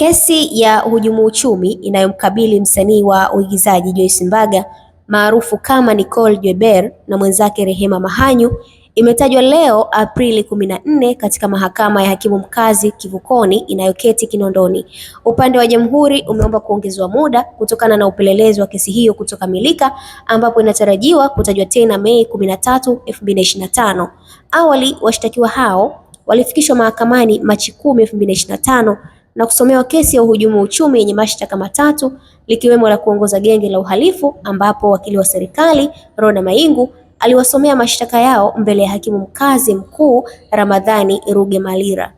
Kesi ya uhujumu uchumi inayomkabili msanii wa uigizaji Joyce Mbaga maarufu kama Nicole jeber na mwenzake Rehema Mahanyu imetajwa leo Aprili 14 katika mahakama ya hakimu mkazi Kivukoni inayoketi Kinondoni. Upande wa jamhuri umeomba kuongezwa muda kutokana na upelelezi wa kesi hiyo kutokamilika, ambapo inatarajiwa kutajwa tena Mei 13, 2025. Awali washtakiwa hao walifikishwa mahakamani Machi 10, 2025 na kusomewa kesi ya uhujumu uchumi yenye mashtaka matatu likiwemo la kuongoza genge la uhalifu ambapo wakili wa serikali Rhoda Maingu aliwasomea mashtaka yao mbele ya hakimu mkazi mkuu Ramadhani Ruge Malira.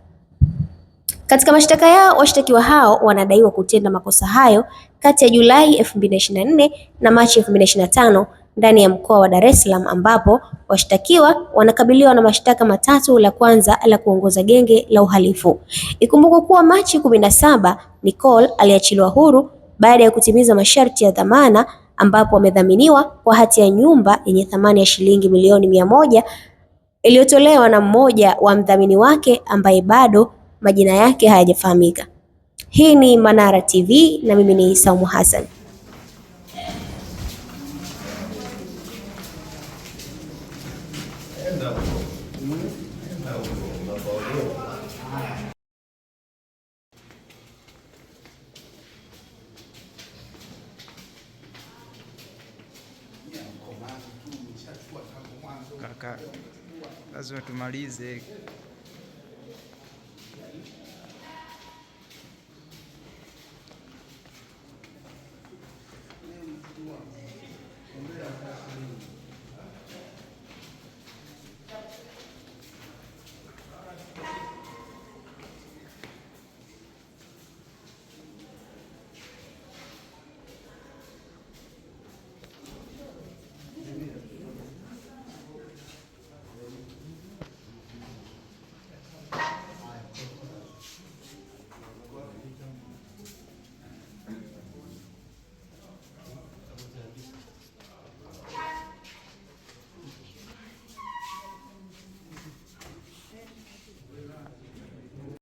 Katika mashtaka yao, washtakiwa hao wanadaiwa kutenda makosa hayo kati ya Julai 2024 na Machi 2025 ndani ya mkoa wa Dar es Salaam ambapo washtakiwa wanakabiliwa na mashtaka matatu, la kwanza la kuongoza genge la uhalifu. Ikumbukwe kuwa Machi 17 Nicole aliachiliwa huru baada ya kutimiza masharti ya dhamana ambapo amedhaminiwa kwa hati ya nyumba yenye thamani ya shilingi milioni mia moja iliyotolewa na mmoja wa mdhamini wake ambaye bado majina yake hayajafahamika. Hii ni Manara TV na mimi ni Saumu Hassan. Enda Kaka, lazima tumalize.